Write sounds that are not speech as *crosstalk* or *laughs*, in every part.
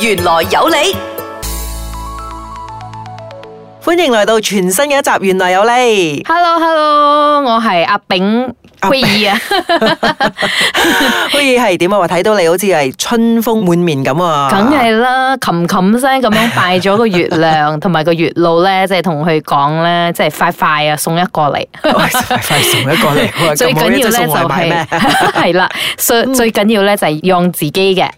玄來有理，歡迎來到全新嘅一集《玄來有理》。Hello，Hello，我係阿炳，阿爾啊，阿爾係點啊？我話睇到你好似係春風滿面咁啊！梗係啦，琴琴聲咁樣拜咗個月亮，同埋個月老咧，即係同佢講咧，即係快快啊，送一個嚟，快快送一個嚟。最緊要咧就係係啦，最最緊要咧就係讓自己嘅。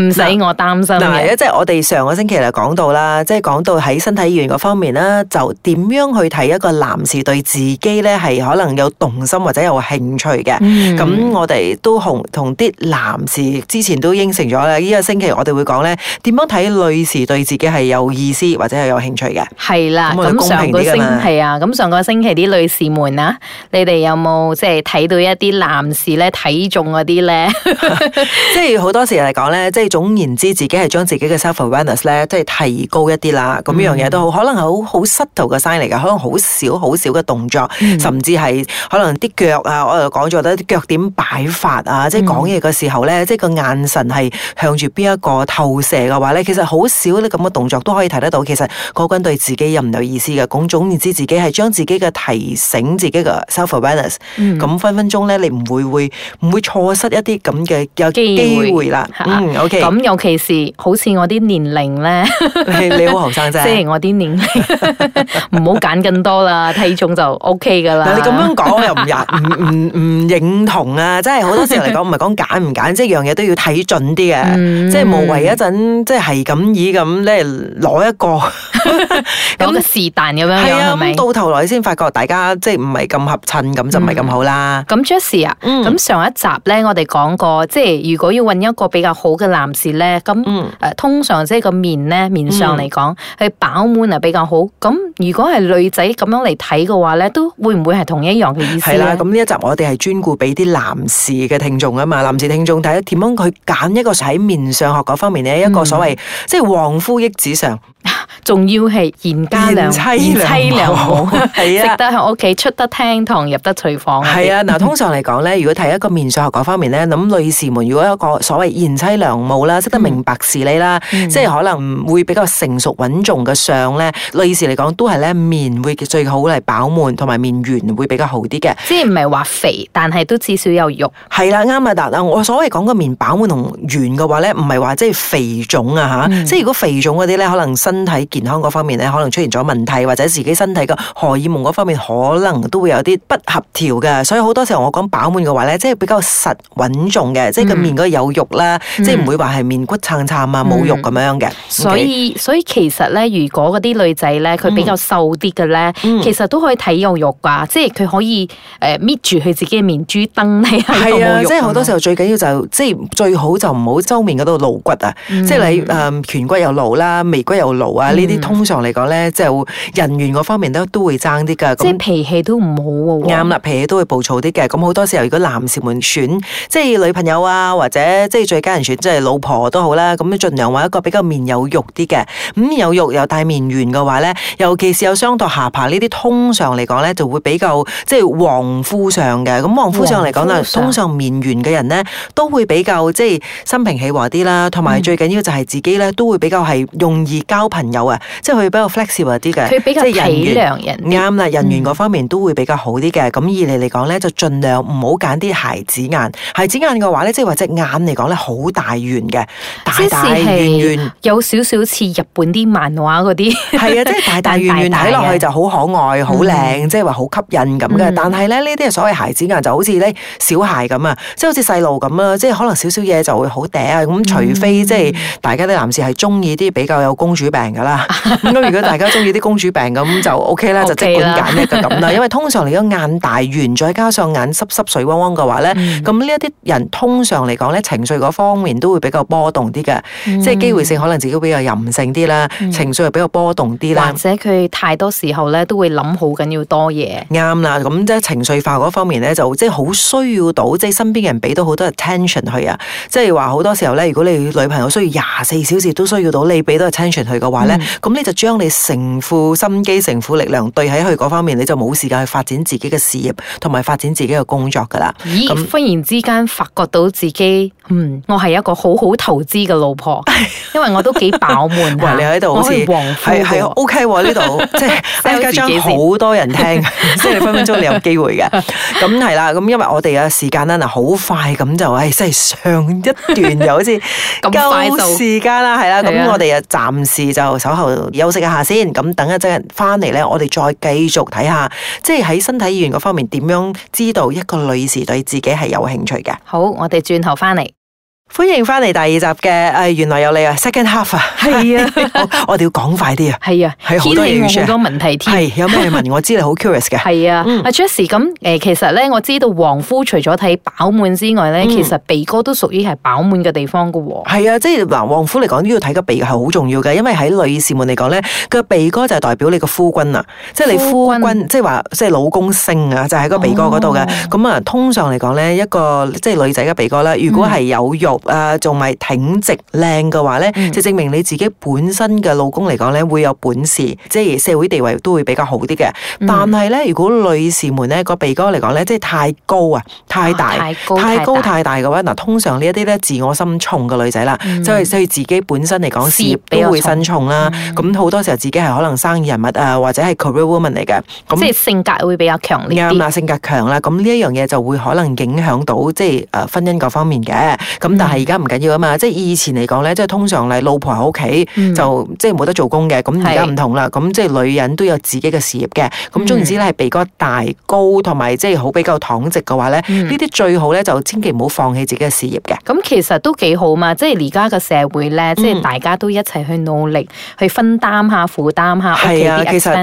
唔 *laughs* 使我擔心嘅， *music* *music* 即係我哋上個星期就講到啦，即係講到喺身體語言嗰方面啦，就點樣去睇一個男士對自己咧係可能有動心或者有興趣嘅。咁、嗯嗯、我哋都同同啲男士之前都應承咗啦。呢個星期我哋會講咧，點樣睇女士對自己係有意思或者係有興趣嘅。係啦，咁上個星期啊，咁上個星期啲、啊、女士們啊，你哋有冇即係睇到一啲男士咧睇中嗰啲咧？即係好多時。嚟講咧，即係總言之，之自己係將自己嘅 self awareness 咧，即係提高一啲啦。咁呢、嗯、樣嘢都好，可能係好好 subtle 嘅 sign 嚟嘅，可能好少好少嘅動作，嗯、甚至係可能啲腳啊，我又講咗得啲腳點擺法啊，即係講嘢嘅時候咧，即係個眼神係向住邊一個投射嘅話咧，其實好少啲咁嘅動作都可以睇得到。其實個軍對自己有唔有意思嘅，咁總言之，自己係將自己嘅提醒自己嘅 self awareness，咁、嗯嗯、分分鐘咧，你唔會會唔會錯失一啲咁嘅有機會啦。嗯嗯，OK。咁尤其是好似我啲年齡咧，你好後生啫，即係我啲年齡唔好揀咁多啦，體重就 OK 㗎啦。你咁樣講我又唔唔唔唔認同啊！即係好多時候嚟講唔係講揀唔揀，即係樣嘢都要睇準啲嘅。即係無謂一陣即係係咁以咁咧攞一個咁嘅是但咁樣，係啊，到頭來先發覺大家即係唔係咁合襯，咁就唔係咁好啦。咁 Jessie 啊，咁上一集咧我哋講過，即係如果要揾一個。比較好嘅男士咧，咁誒、嗯、通常即係個面咧，面上嚟講係飽滿啊比較好。咁如果係女仔咁樣嚟睇嘅話咧，都會唔會係同一樣嘅意思？係啦，咁呢一集我哋係專顧俾啲男士嘅聽眾啊嘛，男士聽眾睇點樣佢揀一個喺面上學嗰方面咧，嗯、一個所謂即係旺夫益子上。仲要係賢妻良賢妻良母，係啊，值得喺屋企，出得廳堂，入得廚房。係 *laughs* 啊，嗱，通常嚟講咧，如果睇一個面相嗰方面咧，咁女士們如果一個所謂賢妻良母啦，識得明白事理啦，即係可能會比較成熟穩重嘅相咧，女士嚟講都係咧，面會最好嚟飽滿同埋面圓會比較好啲嘅。即係唔係話肥，但係都至少有肉、嗯。係啦、嗯，啱、嗯、啊，但我所謂講個面飽滿同圓嘅話咧，唔係話即係肥腫啊嚇，即係如果肥腫嗰啲咧，可能身體健康嗰方面咧，可能出現咗問題，或者自己身體嘅荷爾蒙嗰方面可能都會有啲不合調嘅，所以好多時候我講飽滿嘅話咧，即係比較實穩重嘅，mm hmm. 即係個面嗰度有肉啦，mm hmm. 即係唔會話係面骨撐撐啊冇肉咁樣嘅。Mm hmm. Okay? 所以所以其實咧，如果嗰啲女仔咧，佢比較瘦啲嘅咧，mm hmm. 其實都可以睇有肉㗎，即係佢可以誒搣住佢自己嘅面珠墩你係啊，yeah, 即係好多時候最緊要就即、是、係、mm hmm. 最好就唔好周面嗰度露骨啊，mm hmm. 即係你誒顴、呃、骨又露啦，眉骨又露啊。呢啲、嗯、通常嚟講咧，即係人緣嗰方面都都會爭啲噶。即係脾氣都唔好喎、哦。啱啦，脾氣都會暴躁啲嘅。咁好多時候，如果男士們選，即係女朋友啊，或者即係最佳人選，即、就、係、是、老婆都好啦。咁你盡量揾一個比較面有肉啲嘅。咁有肉又帶面圓嘅話咧，尤其是有雙駝下巴呢啲，通常嚟講咧就會比較即係旺夫相嘅。咁旺夫相嚟講啊，通常面圓嘅人咧都會比較即係心平氣和啲啦。同埋最緊要就係自己咧都會比較係容易交朋友。嗯有啊，即係佢比較 flexible 啲嘅，即係人緣啱啦，嗯、人緣嗰方面都會比較好啲嘅。咁二嚟嚟講咧，就盡量唔好揀啲孩子眼。孩子眼嘅話咧，即係話隻眼嚟講咧，好大圓嘅，大大圓圓，有少少似日本啲漫畫嗰啲，係、就是、啊，即係大大圓圓睇落去就好可愛、好靚、嗯，即係話好吸引咁嘅。嗯、但係咧，呢啲所謂孩子眼就好似咧小孩咁啊，即係好似細路咁啊，即係、就是、可能少少嘢就會好嗲啊。咁、嗯、除非即係，就是、大家啲男士係中意啲比較有公主病嘅。咁， *laughs* 如果大家中意啲公主病咁 *laughs* 就 OK 啦， *laughs* 就即管揀一個咁啦。因為通常嚟講眼大圓，再加上眼濕濕水汪汪嘅話咧，咁呢一啲人通常嚟講咧，情緒嗰方面都會比較波動啲嘅，嗯、即係機會性可能自己會比較任性啲啦，嗯、情緒又比較波動啲啦，或者佢太多時候咧都會諗好緊要多嘢。啱啦，咁即係情緒化嗰方面咧，就即係好需要到即係身邊人俾到好多 attention 佢啊，即係話好多時候咧，如果你女朋友需要廿四小時都需要到你俾到 attention 佢嘅話咧。嗯咁你就將你成副心機、成副力量對喺佢嗰方面，你就冇時間去發展自己嘅事業，同埋發展自己嘅工作噶啦。咁忽然之間發覺到自己，嗯，我係一個好好投資嘅老婆，因為我都幾飽滿。喂，你喺度好似旺夫嘅，OK 呢度即係而家好多人聽，即係分分鐘你有機會嘅。咁係啦，咁因為我哋嘅時間咧，嗱好快咁就即真係上一段又好似夠時間啦，係啦。咁我哋啊，暫時就～稍後休息一下先，咁等一陣翻嚟咧我哋再繼續睇下，即係喺身體語言方面，點樣知道一個女士對自己係有興趣嘅。好，我哋轉頭翻嚟。歡迎翻嚟第二集嘅誒，原來有你啊！Second half 啊，係啊，我哋要講快啲啊，係啊，好多嘢問咗問題添，係有咩問？我知你好 curious 嘅，係啊，阿 Jesse 咁誒，其實咧，我知道旺夫除咗睇飽滿之外咧，其實鼻哥都屬於係飽滿嘅地方噶喎，係啊，即係話旺夫嚟講呢度睇個鼻係好重要嘅，因為喺女士們嚟講咧，個鼻哥就代表你個夫君啊，即係你夫君，即係話即係老公星啊，就喺個鼻哥嗰度嘅。咁啊，通常嚟講咧，一個即係女仔嘅鼻哥咧，如果係有肉。誒，仲係挺直靚嘅話咧，就係證明你自己本身嘅老公嚟講咧會有本事，即係社會地位都會比較好啲嘅。但係咧，如果女士們咧個鼻哥嚟講咧，即係太高啊，太大，太高太大嘅話，嗱，通常呢一啲咧自我心重嘅女仔啦，即係所以自己本身嚟講事業都會心重啦。咁好多時候自己係可能生意人物啊，或者係 career woman 嚟嘅。咁即係性格會比較強啲。啱啊，性格強啦，咁呢一樣嘢就會可能影響到即係誒婚姻各方面嘅。咁但但係而家唔緊要啊嘛，即係以前嚟講咧，即係通常嚟老婆喺屋企就即係冇得做工嘅，咁而家唔同啦。咁即係女人都有自己嘅事業嘅。咁、嗯、總言之咧，係鼻哥大高同埋即係好比較躺直嘅話咧，呢啲、嗯、最好咧就千祈唔好放棄自己嘅事業嘅。咁、嗯、其實都幾好嘛，即係而家個社會咧，即係大家都一齊去努力去分擔下負擔下。係啊，其實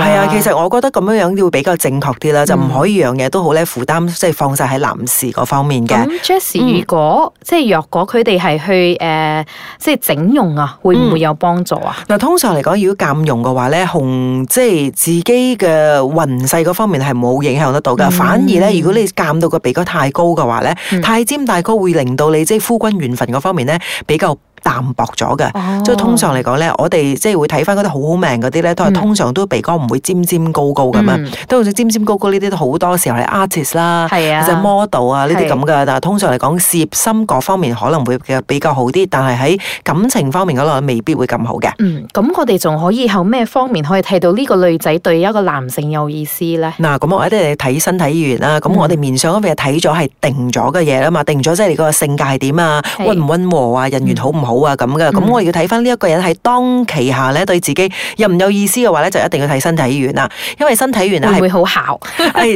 啊，啊，其實我覺得咁樣樣要比較正確啲啦，嗯、就唔可以樣嘢都好咧負擔，即係放晒喺男士嗰方面嘅。嗯、如果即係。嗯若果佢哋係去誒、呃，即係整容啊，會唔會有幫助啊？嗱，嗯、通常嚟講，如果減容嘅話咧，同即係自己嘅運勢嗰方面係冇影響得到嘅，反而咧，如果你減到個鼻哥太高嘅話咧，太尖大高會令到你即係夫君緣分嗰方面咧比較淡薄咗嘅，即係、哦、通常嚟講咧，我哋即係會睇翻嗰啲好好命嗰啲咧，都係、嗯、通常都鼻哥唔會尖尖高高咁啊，都好似尖尖高高呢啲都好多時候係 artist 啦，其實 model 啊呢啲咁嘅。但係通常嚟講事業心各方面可能會比較好啲，但係喺感情方面嗰度未必會咁好嘅。嗯，咁我哋仲可以靠咩方面可以睇到呢個女仔對一個男性有意思咧？嗱、啊，咁我一定係睇身體語言啦。咁我哋面上嗰邊睇咗係定咗嘅嘢啦嘛，嗯、定咗即係你個性格係點啊，溫唔溫和啊，人緣好唔好？好啊，咁噶、嗯，咁我哋要睇翻呢一個人喺當期下咧，對自己又唔有意思嘅話咧，就一定要睇身體緣啦，因為身體緣啊係會好姣，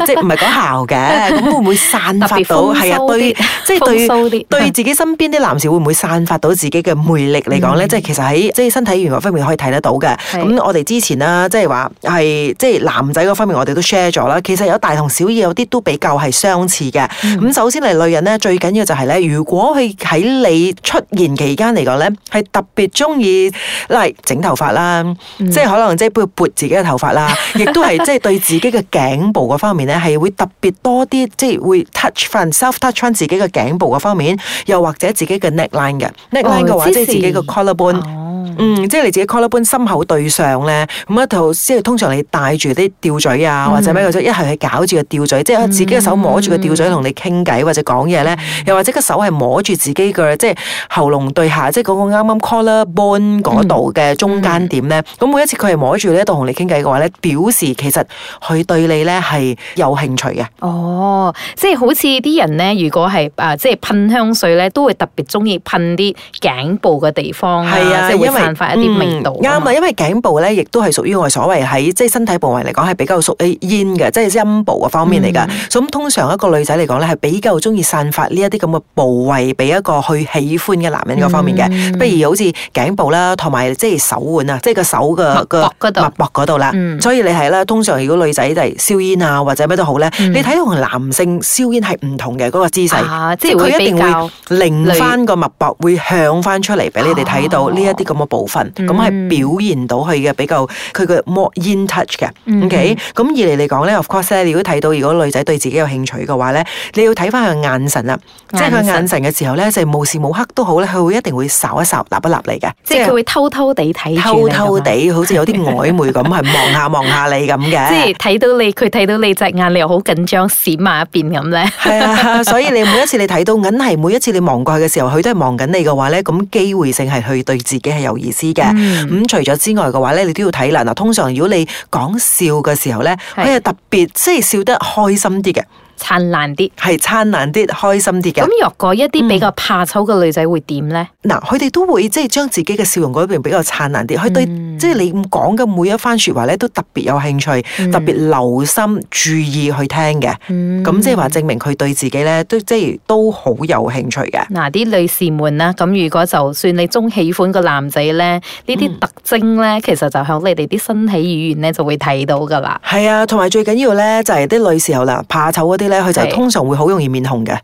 即係唔係講姣嘅，咁、就是、 *laughs* 會唔會散發到係啊？對，即係對 *laughs* 對，對，對，對自己身邊啲男士會唔會散發到自己嘅魅力嚟講咧？即係、嗯、其實喺即係身體緣嗰是、嗯就是、方面可以睇得到嘅。咁我哋之前啦，即係話係即係男仔嗰方面，我哋都 share 咗啦。其實有大同小異，有啲都比較係相似嘅。咁、嗯、首先嚟女人咧，最緊要就係咧，如果佢喺你出現期間嚟。講咧係特別中意，例如整頭髮啦，即係可能即係撥自己嘅頭髮啦，亦都係即係對自己嘅頸部嗰方面咧，係會特別多啲，即係會 touch 返，self touch 返自己嘅頸部嗰方面，又或者自己嘅 neckline 嘅 neckline 嘅話，即係自己嘅 collarbone，嗯，即係你自己 collarbone 心口對上咧，咁一套即係通常你戴住啲吊墜啊，或者咩嘅啫，一係去搞住個吊墜，即係自己嘅手摸住個吊墜同你傾偈或者講嘢咧，又或者個手係摸住自己嘅即係喉嚨對下。即係嗰個啱啱 collar bone 嗰度嘅中間點咧，咁、嗯嗯、每一次佢係摸住呢度同你傾偈嘅話咧，表示其實佢對你咧係有興趣嘅。哦，即係好似啲人咧，如果係啊，即係噴香水咧，都會特別中意噴啲頸部嘅地方。係啊，即係會散發一啲為、嗯、味道。啱啊、嗯，對因為頸部咧，亦都係屬於我哋所謂喺即係身體部位嚟講係比較屬於陰嘅，即係陰部嘅方面嚟㗎。咁、嗯、通常一個女仔嚟講咧，係比較中意散發呢一啲咁嘅部位俾一個去喜歡嘅男人嗰方面嘅。嗯。不、mm hmm. 如好似頸部啦，同埋即係手腕啊，即係個手嘅個脈搏嗰度啦。所以你係啦，通常如果女仔就係燒煙啊，或者咩都好咧，mm hmm. 你睇到同男性燒煙係唔同嘅嗰、那個姿勢。啊、即係佢它 一定會擰翻個脈搏，會向翻出嚟俾你哋睇到呢一啲咁嘅部分。咁係、mm hmm. 表現到佢嘅比較，佢嘅摸煙 touch 嘅。OK，咁二嚟嚟講咧，of course 咧，如果睇到如果女仔對自己有興趣嘅話咧，你要睇翻佢眼神啊，即係佢眼神嘅時候咧，就係無時無刻都好咧，佢會一定會。掃一掃，立不立嚟嘅？即係是佢是會偷偷地睇你，偷偷地好似有啲曖昧咁，係 *laughs* 望下望下你咁嘅。即係睇到你，佢睇到你隻眼，你又好緊張，閃埋一邊咁咧。係 *laughs* 啊，所以你每一次你睇到，梗係每一次你望過去嘅時候，佢都係望緊你嘅話咧，咁機會性係去對自己係有意思嘅。咁、嗯、除咗之外嘅話咧，你都要睇啦。嗱，通常如果你講笑嘅時候咧，佢係特別是即係笑得開心啲嘅。燦爛啲，係燦爛啲，開心啲嘅。咁若果一啲比較怕醜嘅女仔會點咧？嗱，佢哋都會即係將自己嘅笑容嗰邊比較燦爛啲，佢、嗯、對即係你咁講嘅每一番說話咧，都特別有興趣，嗯、特別留心注意去聽嘅。咁、嗯、即係話證明佢對自己咧，都即係都好有興趣嘅。嗱、嗯，啲女士們啦，咁如果就算你中喜歡個男仔咧，呢啲特徵咧，其實就響你哋啲身體語言咧就會睇到噶啦。係啊，同埋最緊要咧就係啲女士後啦，怕醜嗰啲。佢就通常會好容易面紅嘅，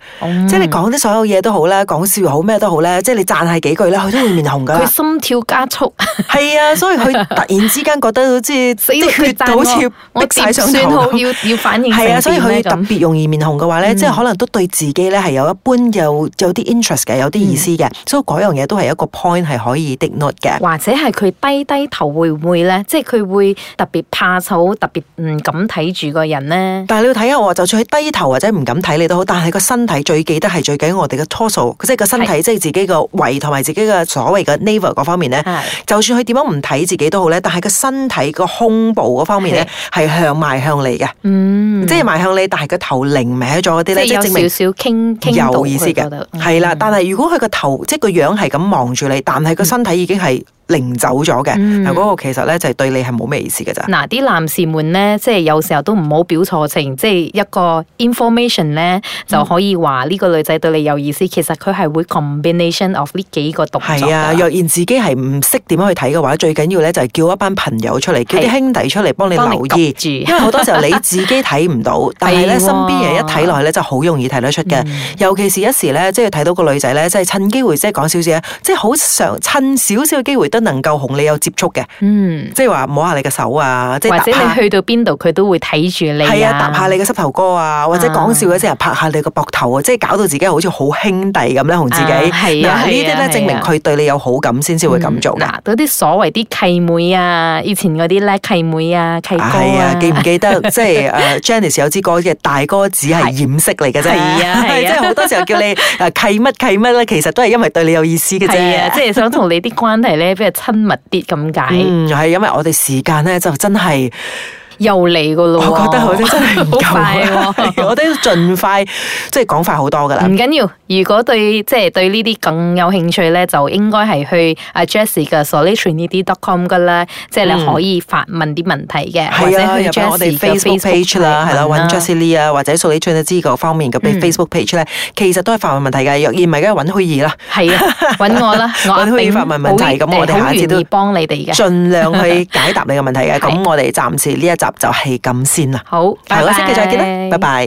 即係你講啲所有嘢都好啦，講笑好咩都好啦，即係你讚喺幾句咧，佢都會面紅嘅。佢心跳加速，係啊，所以佢突然之間覺得好似啲血好似逼曬上頭，要要反應。係啊，所以佢特別容易面紅嘅話咧，即係可能都對自己咧係有一般有有啲 interest 嘅，有啲意思嘅，所以嗰樣嘢都係一個 point 係可以 note 嘅。或者係佢低低頭會唔會咧？即係佢會特別怕醜，特別唔敢睇住個人咧。但係你要睇下喎，就算係低頭或者唔敢睇你都好，但係個身體最記得係最緊要我哋嘅 torso 即係個身體，是即係自己個胃同埋自己嘅所謂嘅 nave 嗰方面咧。是就算佢點樣唔睇自己都好咧，但係個身體個胸部嗰方面咧係向埋是向你嘅，嗯、即係埋向你。但係個頭擰歪咗嗰啲咧，即係有少少傾傾倒佢。係啦，但係如果佢個頭即係個樣係咁望住你，但係個身體已經係。嗯嗯零走咗嘅，嗱嗰、嗯、個其實咧就係對你係冇咩意思嘅咋。嗱啲、啊、男士們咧，即、就、係、是、有時候都唔好表錯情，即、就、係、是、一個 information 咧就可以話呢個女仔對你有意思。嗯、其實佢係會 combination of 呢幾個動作嘅。啊，若然自己係唔識點樣去睇嘅話，最緊要咧就係叫一班朋友出嚟，叫啲兄弟出嚟幫你留意住，因為好多時候你自己睇唔到， *laughs* 但係咧、哦、身邊人一睇落去咧就好容易睇得出嘅。嗯、尤其是一時咧，即係睇到個女仔咧，即、就、係、是、趁機會即係講少少，啊，即係好想趁少少嘅機會。都能夠同你有接觸嘅，嗯，即係話摸下你嘅手啊，或者你去到邊度佢都會睇住你，係啊，搭下你嘅膝頭哥啊，或者講笑嗰陣拍下你嘅膊頭啊，即係搞到自己好似好兄弟咁樣同自己，呢啲咧證明佢對你有好感先至會咁做。嗱，嗰啲所謂啲契妹啊，以前嗰啲咧契妹啊、契哥啊，記唔記得？即係誒 Janice 有支歌嘅大哥只係掩飾嚟嘅啫，係啊，即係好多時候叫你契乜契乜咧，其實都係因為對你有意思嘅啫，即係想同你啲關係咧。即係親密啲咁解，嗯，係因為我哋時間咧就真係。又嚟個咯，我覺得好真係好快，我覺得盡快即係講快好多㗎啦。唔緊要，如果對即係對呢啲更有興趣咧，就應該係去阿 Jessie 嘅 s o l i t a r e d c o m 嘅啦，即係你可以發問啲問題嘅。係啊，我哋 Facebook page 啦，係啦，揾 Jessie Lee 啊，或者 solitaire 知覺方面嘅 Facebook page 咧，其實都係發問問題嘅。若然唔係，梗係揾玄兒啦。係啊，揾我啦，揾玄兒發問問題，咁我哋下次都幫你哋嘅，盡量去解答你嘅問題嘅。咁我哋暫時呢一集。就係咁先啦，好，下個星期再見啦，拜拜 bye。Bye bye